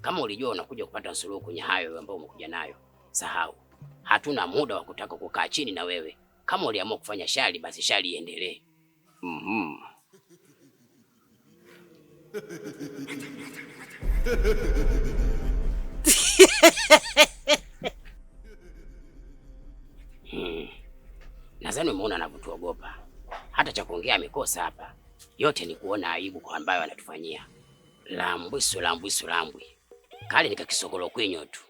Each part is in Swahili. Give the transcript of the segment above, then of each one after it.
Kama ulijua unakuja kupata suluhu kwenye hayo ambayo umekuja nayo, sahau. Hatuna muda wa kutaka kukaa chini na wewe. Kama uliamua kufanya shari, basi shari iendelee. mm -hmm. Hmm. Nadhani umeona anavyotuogopa, hata cha kuongea amekosa hapa. Yote ni kuona aibu kwa ambayo anatufanyia. Lambwisu, lambwisu, lambwi kale nikakisogolo kwenyo tu.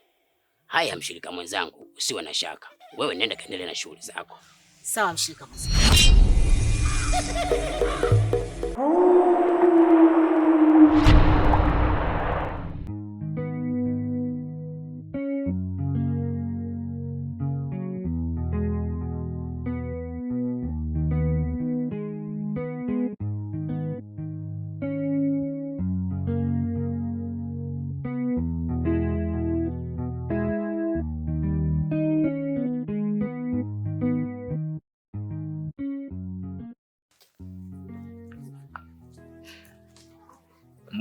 Haya mshirika mwenzangu, usiwe na shaka, wewe nenda kaendelee na shughuli zako. Sawa mshirika mwenzangu.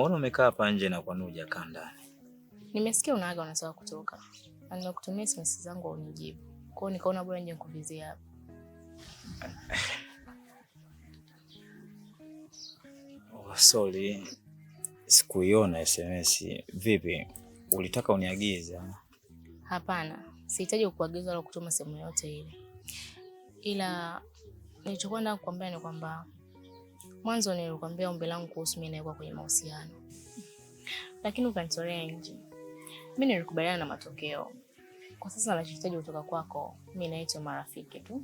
Mbona umekaa hapa nje na kwa kwani hujakaa ndani? Nimesikia unaaga unataka kutoka. Na nimekutumia SMS zangu au unijibu. Kwa hiyo nikaona bora nje nikuvizie hapa. Oh, sorry. Sikuiona SMS. Vipi? Ulitaka uniagize? Hapana, sihitaji kukuagiza wala kutuma sehemu yote ile. Ila nilichokwenda nataka kukwambia ni kwamba mwanzo nilikwambia ombi langu kuhusu mimi na yeye kwenye mahusiano lakini ukanitolea nje. Mi nilikubaliana na matokeo. Kwa sasa nachohitaji kutoka kwako mi naitwa marafiki tu.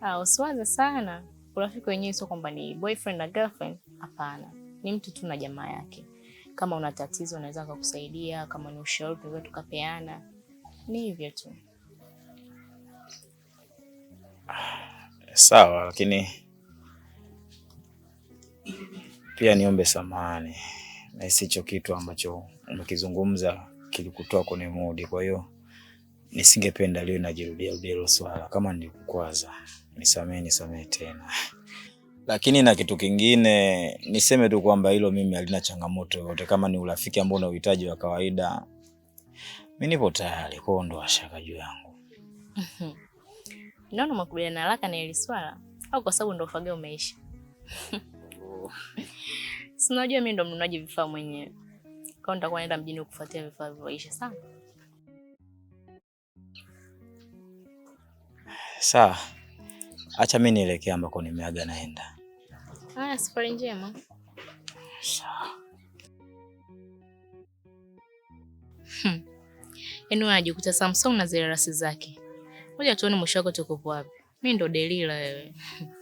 Ah, usiwaze sana urafiki wenyewe, sio kwamba ni boyfriend na girlfriend. Hapana, ni mtu tu na jamaa yake. Kama una tatizo unaweza akakusaidia, kama ni ushauri tunaweza tukapeana, ni hivyo tu. Ah, sawa, lakini pia niombe samahani, na hicho kitu ambacho umekizungumza kilikutoa kwenye mudi, kwa hiyo nisingependa leo najirudia rudia swala. Kama nilikukwaza, nisamee, nisamee tena. Lakini na kitu kingine niseme tu kwamba hilo mimi halina changamoto yoyote. Kama ni urafiki ambao na uhitaji wa kawaida, mimi nipo tayari kuondoa shaka juu yangu. Mhm. Naona makubaliano haraka na hili swala, au kwa sababu ndo ufaga umeisha? sinajua Si unajua mimi ndo mnunaji vifaa mwenyewe, kwa nitakuwa naenda mjini kufuatia vifaa vivyoisha sana. Sawa, acha mimi nielekea ambako nimeaga naenda. Haya, safari njema. Sawa. Hmm. Yaani unajikuta Samsung na zile rasi zake. Ngoja tuone mwisho wako tukupo wapi. Mimi ndo Delila wewe.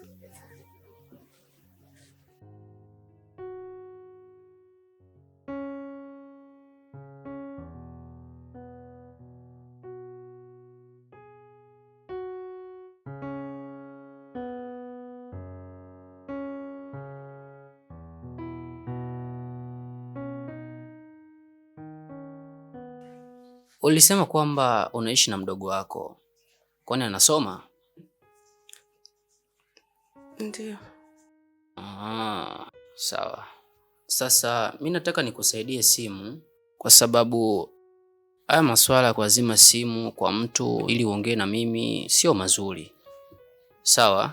Ulisema kwamba unaishi na mdogo wako, kwani anasoma? Ndio. Aha, sawa. Sasa mi nataka nikusaidie simu, kwa sababu haya masuala ya kuazima simu kwa mtu ili uongee na mimi sio mazuri, sawa?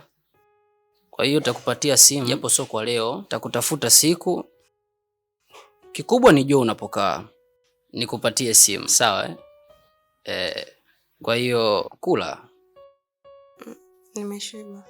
Kwa hiyo takupatia simu, japo sio kwa leo, takutafuta siku, kikubwa ni jua unapokaa nikupatie simu sawa eh? Eh, kwa hiyo kula. Nimeshiba.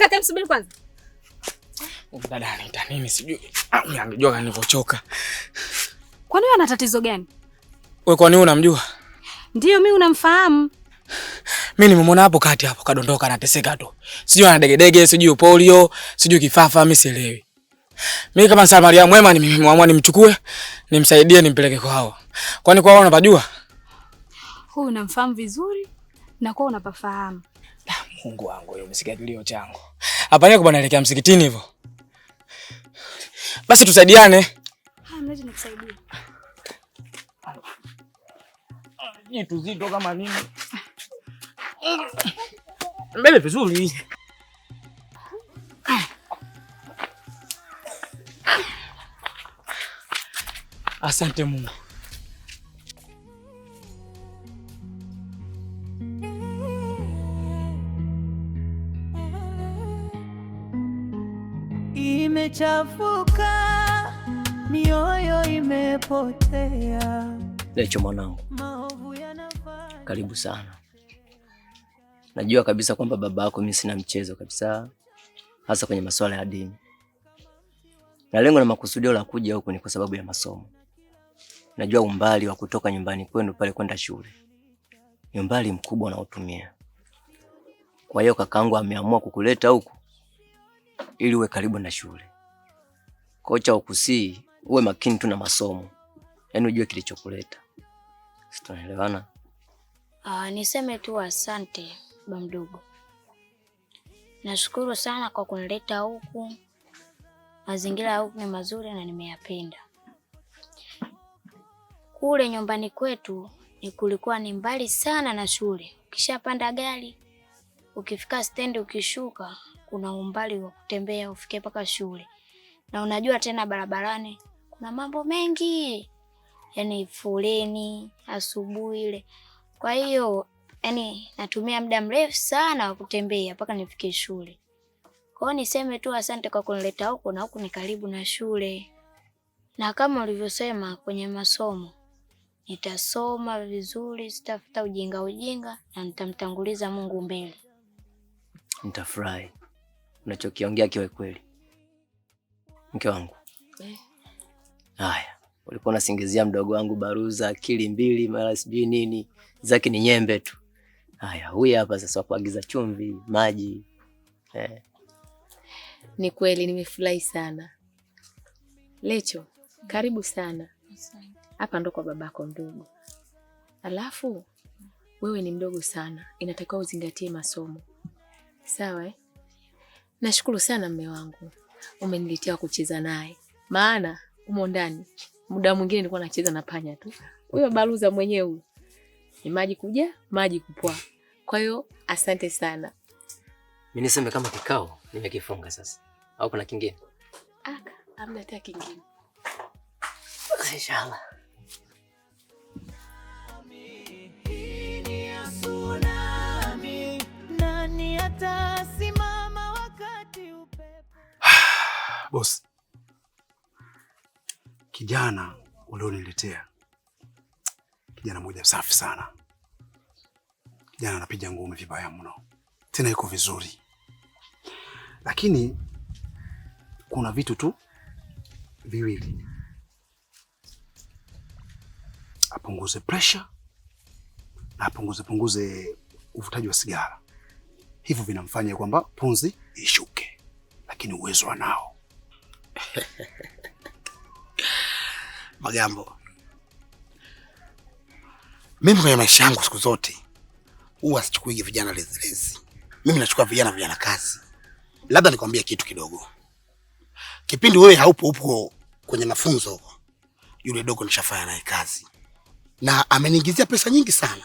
Wakati msubiri kwanza. Dada anaita nini sijui. Ah, Angejua gani nilivyochoka. Kwa nini ana tatizo gani? Wewe kwa nini unamjua? Ndio mimi unamfahamu. Mimi nimemwona hapo kati hapo kadondoka anateseka tu. Sijui ana degedege, sijui polio, sijui kifafa, mimi sielewi. Mimi kama Samaria mwema nimeamua nimchukue, nimsaidie nimpeleke kwao. Kwani kwao unapajua? Huyu unamfahamu vizuri na kwao unapafahamu. Mungu wangu, wewe umesikia kilio changu. Hapa niko bwana, elekea msikitini hivyo. Basi tusaidiane. Ha, mimi nikusaidia. Ni tuzito kama nini? Mbele vizuri. Asante Mungu. imechafuka, mioyo imepotea. Lecho mwanangu, karibu sana. Najua kabisa kwamba baba yako mimi sina mchezo kabisa, hasa kwenye masuala ya dini, na lengo na makusudio la kuja huku ni kwa sababu ya masomo. Najua umbali wa kutoka nyumbani kwenu pale kwenda shule ni umbali mkubwa unaotumia. Kwa hiyo kakaangu ameamua kukuleta huku ili uwe karibu na shule. Kocha ukusii, uwe makini tu na masomo, yaani ujue kilichokuleta. Sisi tunaelewana? Uh, niseme tu asante ba mdogo, nashukuru sana kwa kunileta huku. Mazingira ya huku ni mazuri na nimeyapenda. Kule nyumbani kwetu ni kulikuwa ni mbali sana na shule. Ukishapanda gari, ukifika stendi, ukishuka kuna umbali wa kutembea ufike mpaka shule na unajua tena barabarani kuna mambo mengi, yani foleni asubuhi ile. Kwa hiyo yani natumia muda mrefu sana wa kutembea mpaka nifike shule. Kwa hiyo niseme tu asante kwa kunileta huko, na huku ni karibu na shule, na kama ulivyosema kwenye masomo nitasoma vizuri, sitafuta ujinga ujinga, na nitamtanguliza Mungu mbele. Nitafurahi unachokiongea kiwe kweli mke wangu eh? Haya, ulikuwa unasingizia mdogo wangu Baruza akili mbili mara sijui nini zake ni nyembe tu. Haya, huyu hapa sasa wakuagiza chumvi, maji eh. Ni kweli nimefurahi sana Lecho, karibu sana hapa, ndo kwa babako mdogo. Alafu wewe ni mdogo sana, inatakiwa uzingatie masomo, sawa eh? Nashukuru sana mme wangu umeniletea kucheza naye, maana umo ndani, muda mwingine nilikuwa nacheza na panya tu, huyo baruza mwenyewe huyo, ni maji kuja maji kupwa. Kwa hiyo asante sana. Mimi niseme kama kikao nimekifunga sasa, au kuna kingine? Aka, amna hata kingine inshallah. tsunami, nani atasimama? Bosi, kijana ulioniletea kijana mmoja safi sana, kijana anapiga ngumi vibaya mno, tena yuko vizuri, lakini kuna vitu tu viwili, apunguze pressure na apunguze punguze uvutaji wa sigara. Hivyo vinamfanya kwamba pumzi ishuke, lakini uwezo anao. Magambo, mimi kwenye maisha yangu siku zote huwa sichukuige vijana lezilezi. Mimi nachukua vijana vijana kazi. Labda nikwambie kitu kidogo. Kipindi wewe haupo, upo kwenye mafunzo huko, yule dogo nishafanya naye kazi na ameniingizia pesa nyingi sana,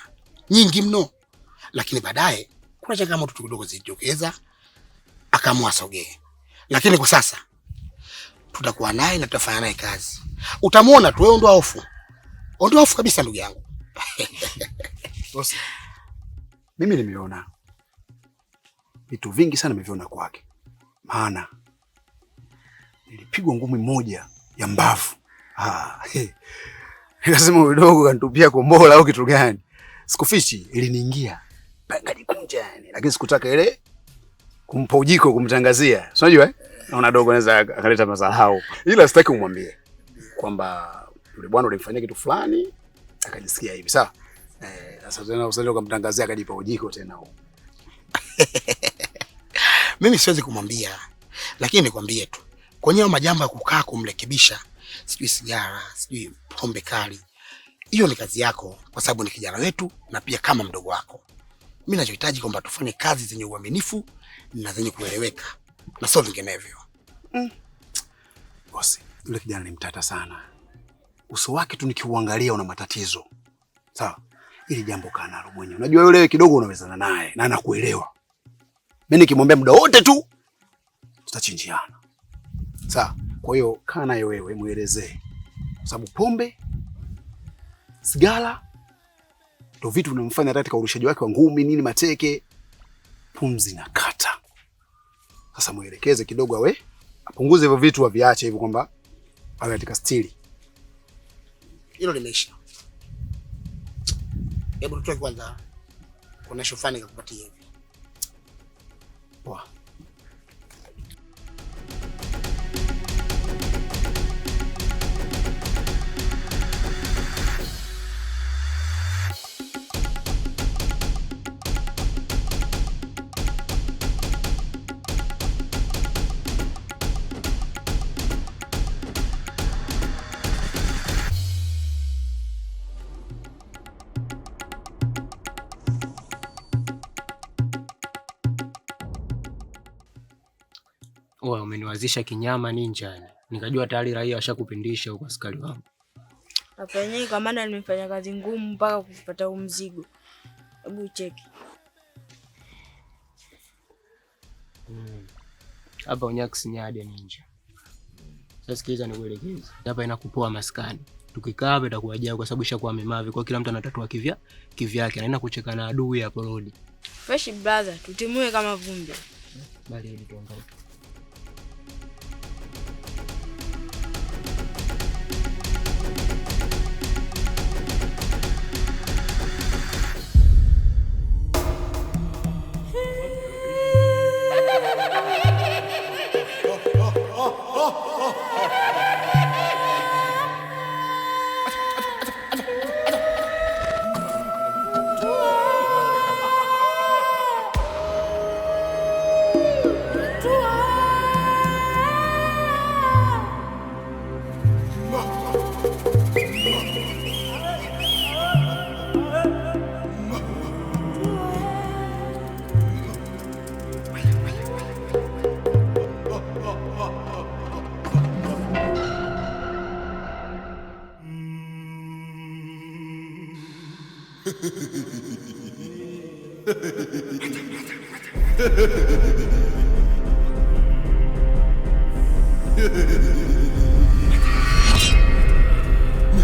nyingi mno, lakini baadaye kuna changamoto tu kidogo zilijitokeza, akaamua asogee, lakini kwa sasa tutakuwa naye na tutafanya naye kazi. Utamwona tu wewe, ondoa hofu, ondoa hofu kabisa, ndugu yangu. Bosi, mimi nimeona vitu vingi sana, nimeviona kwake, maana nilipigwa ngumi moja ya mbavu ah, nikasema udogo kanitupia kombola au kitu gani, sikufichi, iliniingia panga jikunja, yani, lakini sikutaka ile kumpa ujiko kumtangazia, unajua eh? naona dogo anaweza akaleta madharau, ila sitaki umwambie kwamba yule bwana ulimfanyia kitu fulani akajisikia hivi sawa. Eh, sasa tena usali ukamtangazia akajipa ujiko tena huo. Mimi siwezi kumwambia, lakini nikwambie tu kwenye majambo ya kukaa kumrekebisha, sijui sigara, sijui pombe kali, hiyo ni kazi yako, kwa sababu ni kijana wetu na pia kama mdogo wako. Mimi ninachohitaji kwamba tufanye kazi zenye uaminifu na zenye kueleweka na sio vinginevyo. Mm. Bosi, yule kijana ni mtata sana. Uso wake tu nikiuangalia una matatizo. Sawa? Ili jambo kana mwenyewe. Unajua yule kidogo unawezana naye na anakuelewa. Mimi nikimwambia muda wote tu tutachinjiana. Sawa? Kwa hiyo kaa naye wewe muelezee. Kwa sababu pombe, sigara ndio vitu vinamfanya hata katika urushaji wake wa ngumi nini mateke pumzi na kata. Sasa mwelekeze kidogo awe apunguze hivyo vitu, aviache hivyo kwamba awe katika stili. Hilo limeisha. Hebu tutoe kwanza, kuna shofani kakupatia hivi. Poa. Wewe umeniwazisha kinyama ninja. Nikajua tayari raia washakupindisha huko askari wangu. Afanyeni kwa maana nimefanya kazi ngumu mpaka kupata huu mzigo. Hebu cheki. Hmm. Hapa hmm. Unyaksi nyade ninja. Sasa sikiliza nikuelekeze. Hapa inakupoa maskani. Tukikaa hapa itakuwa ajabu kwa sababu ishakuwa mimavi. Kwa kila mtu anatatua kivya kivyake. Anaenda kucheka na adui hapo rodi. Fresh brother, tutimue kama vumbi. Bali tuondoke.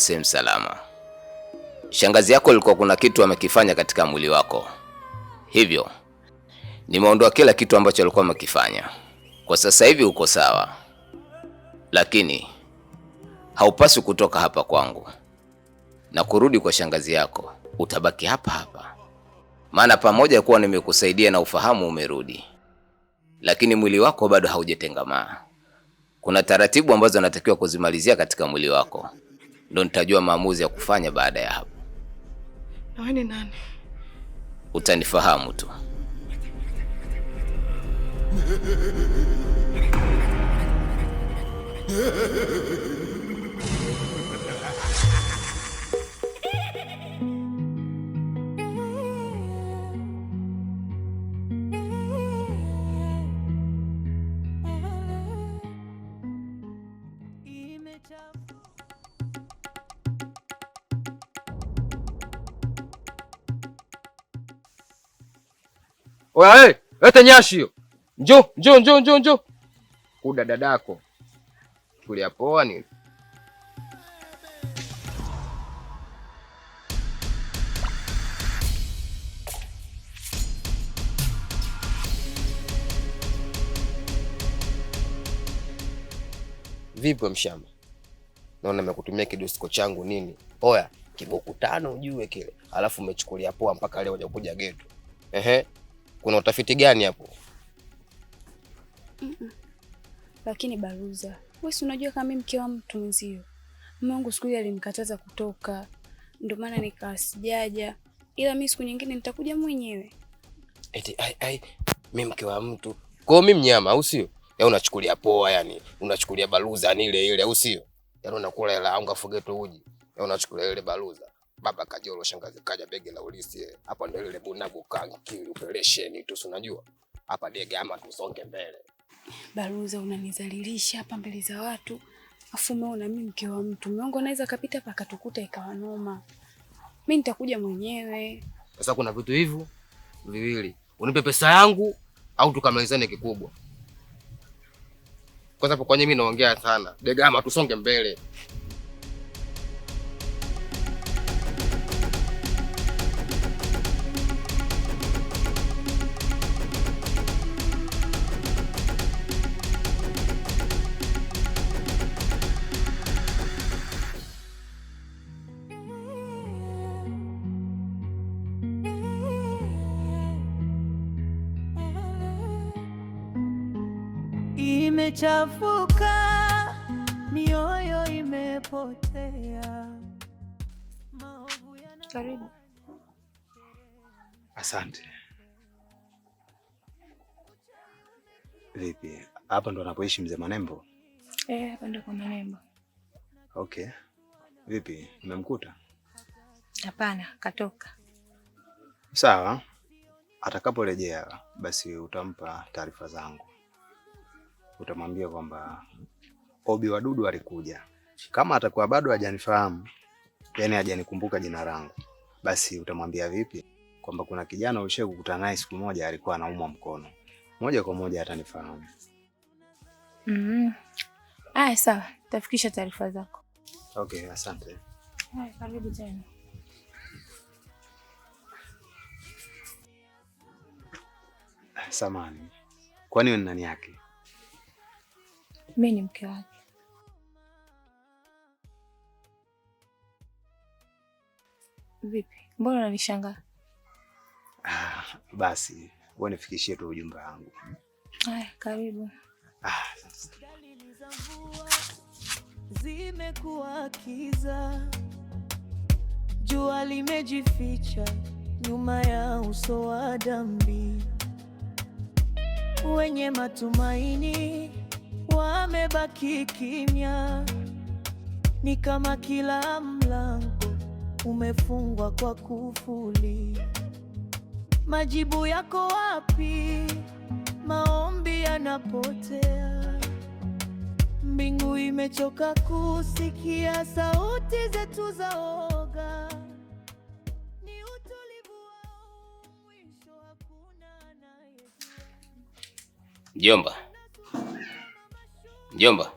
sehemu salama. Shangazi yako alikuwa kuna kitu amekifanya katika mwili wako, hivyo nimeondoa kila kitu ambacho alikuwa amekifanya. Kwa sasa hivi uko sawa, lakini haupaswi kutoka hapa kwangu na kurudi kwa shangazi yako. Utabaki hapa hapa, maana pamoja kuwa nimekusaidia na ufahamu umerudi, lakini mwili wako bado haujatengamaa. Kuna taratibu ambazo natakiwa kuzimalizia katika mwili wako ndo nitajua maamuzi ya kufanya baada ya hapo. Na wewe ni nani? Utanifahamu tu. Oya eh, leta nyashi hiyo. Njo, njo, njo, njo, njo. Kuda dadako. Kulia poa nini? Vipi mshamba? Naona nimekutumia kidusko changu nini? Oya, kibuku tano ujue kile. Alafu umechukulia poa mpaka leo hujakuja getu. Ehe. Kuna utafiti gani hapo? mm -mm. Lakini Baruza, wewe si unajua kama mimi mke wa mtu mzio, mume wangu siku ile alimkataza kutoka, ndio maana nikasijaja, ila mimi siku nyingine nitakuja mwenyewe. Eti ai ai, mimi mke wa mtu, kwa hiyo mimi mnyama, au sio? Ya yaani unachukulia poa, yani unachukulia Baruza ni ile ile, au sio? Yani unakula hela unga forget uji, ya yaani unachukulia ile Baruza Baba kajolo, shangazi kaja, bege la ulisi hapa, ndio ile bunabu kankili operation tu, unajua hapa dege, ama tusonge mbele. Baruza, unanizalilisha hapa mbele za watu, afu umeona mimi mke wa mtu miongo, naweza kapita hapa akatukuta ikawa noma. Mimi nitakuja mwenyewe. Sasa kuna vitu hivyo viwili, unipe pesa yangu au tukamalizane kikubwa. Kwanza kwa nini mimi naongea sana, Degama, tusonge mbele. imechafuka, mioyo imepotea. Karibu. Asante. Vipi, hapa ndo anapoishi mzee Manembo? Eh, hapa ndo kwa Manembo. Okay. Vipi, nimemkuta? Hapana, katoka. Sawa, atakaporejea basi utampa taarifa zangu utamwambia kwamba Obi Wadudu alikuja. Kama atakuwa bado hajanifahamu, yani hajanikumbuka jina langu, basi utamwambia vipi kwamba kuna kijana ulishe kukutana naye siku moja alikuwa anaumwa mkono. Moja kwa moja atanifahamu. Mm. Mm-hmm. Aya, sawa, tafikisha taarifa zako. Okay, asante. karibu tena. Samani, kwani nani yake? mi ni mke wake. Vipi, mbona unanishangaa? Ah, basi wewe nifikishie tu ujumbe wangu. Haya, karibu. Ah, zimekuwa kiza, jua limejificha nyuma ya uso wa dambi wenye matumaini wamebaki kimya, ni kama kila mlango umefungwa kwa kufuli. Majibu yako wapi? Maombi yanapotea, mbingu imechoka kusikia sauti zetu za oga. Ni utulivu mwisho, hakuna Jomba. Mjomba.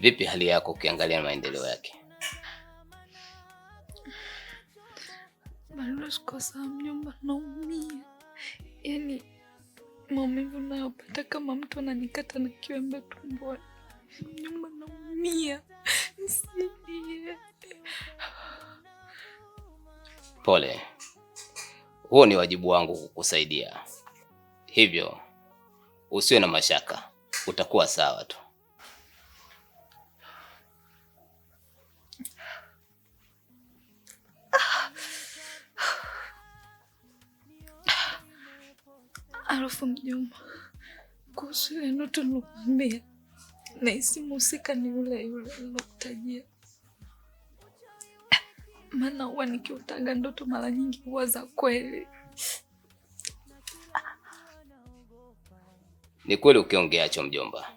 Vipi hali yako ukiangalia maendeleo yake? Balosikosa mjomba, naumia. Yaani maumivu nayopata kama mtu ananikata na kiwembe tumboni. Mjomba, naumia. Nisaidie. Pole, huo ni wajibu wangu kukusaidia, hivyo usiwe na mashaka, utakuwa sawa tu. Alafu Mjomba, kuhusu ile ndoto nilokuambia, nahisi mhusika ni yule yule nilokutajia maana huwa nikiutaga ndoto mara nyingi huwa za kweli. Ni kweli ukiongeacho, mjomba.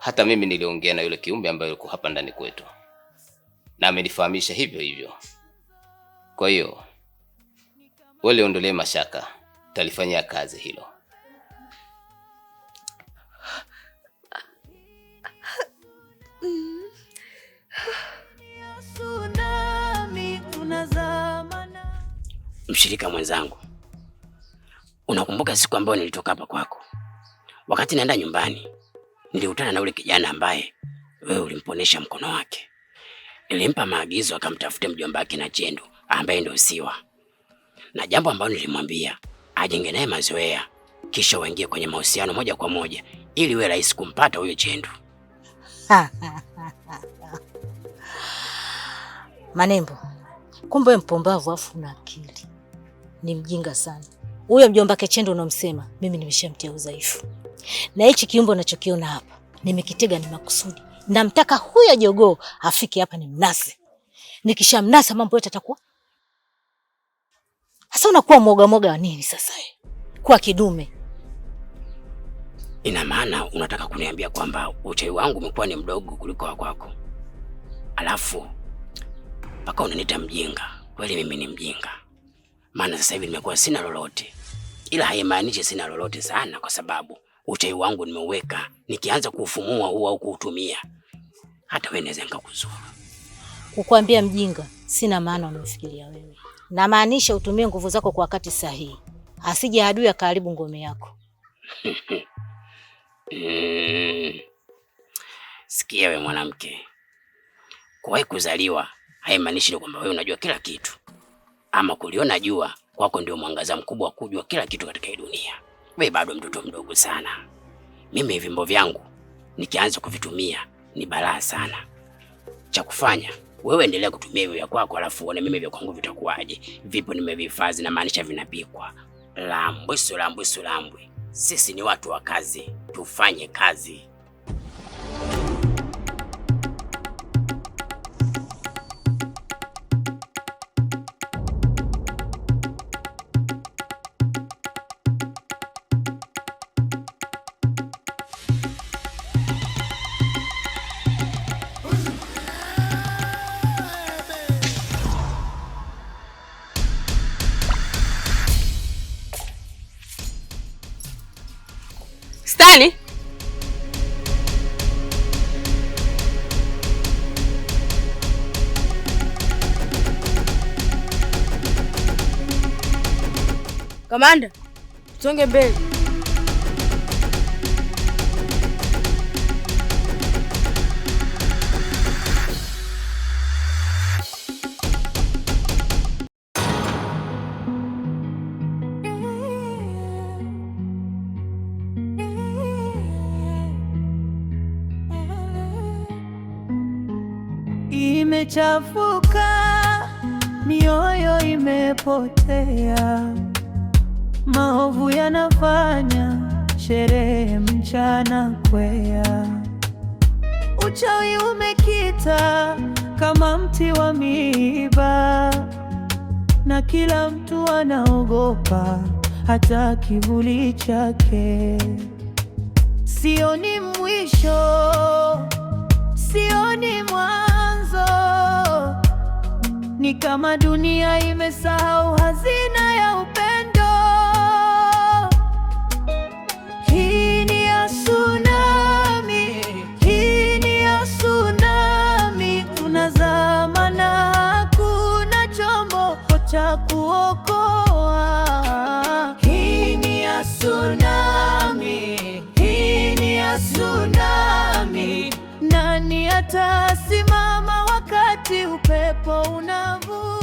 Hata mimi niliongea na yule kiumbe ambaye yuko hapa ndani kwetu, na amenifahamisha hivyo hivyo. Kwa hiyo wewe liondolee mashaka, talifanyia kazi hilo. Mshirika mwenzangu, unakumbuka siku ambayo nilitoka hapa kwako? Wakati naenda nyumbani, nilikutana na ule kijana ambaye wewe ulimponesha mkono wake. Nilimpa maagizo akamtafute mjomba wake na Chendo ambaye ndio Siwa, na jambo ambalo nilimwambia ajenge naye mazoea, kisha waingie kwenye mahusiano moja kwa moja, ili we rahisi kumpata huyo Chendo. Manembo, kumbe mpumbavu afu na akili ni mjinga sana. Huyo mjomba Kechendo unamsema, mimi nimeshamtia udhaifu, na hichi kiumbo nachokiona hapa nimekitega ni makusudi. Namtaka huyo jogoo afike hapa ni mnase, nikishamnasa mambo yote atakuwa sasa. Unakuwa mwoga mwoga wa nini sasa? kwa kidume Ina maana unataka kuniambia kwamba uchawi wangu umekuwa ni mdogo kuliko wa kwako, alafu mpaka unaniita mjinga? Kweli mimi ni mjinga? maana sasa hivi nimekuwa sina lolote, ila haimaanishi sina lolote sana, kwa sababu uchai wangu nimeuweka, nikianza kuufumua huu au kuutumia, hata wewe naweza nikakuzuru. Kukwambia mjinga sina maana unafikiria wewe, namaanisha utumie nguvu zako kwa wakati sahihi, asije adui akaharibu ngome yako. Sikia we mwanamke, kuwahi kuzaliwa haimaanishi ni kwamba wewe unajua kila kitu ama kuliona jua kwako ndio mwangaza mkubwa wa kujua kila kitu katika hii dunia. Wewe bado mtoto mdogo sana. Mimi vimbo vyangu nikianza kuvitumia ni balaa sana. Cha kufanya wewe endelea kutumia hivyo vya kwako, alafu uone mimi vya kwangu vitakuwaje. Vipo nimevihifadhi, na maanisha vinapikwa. Lambwe sulambwe sulambwe, sisi ni watu wa kazi, tufanye kazi. Kamanda, songe mbele. Imechafuka, mioyo imepotea maovu yanafanya sherehe mchana kwea. Uchawi umekita kama mti wa miiba, na kila mtu anaogopa hata kivuli chake. Sioni mwisho, sioni mwanzo, ni kama dunia imesahau hazina Utasimama wakati upepo unavuma.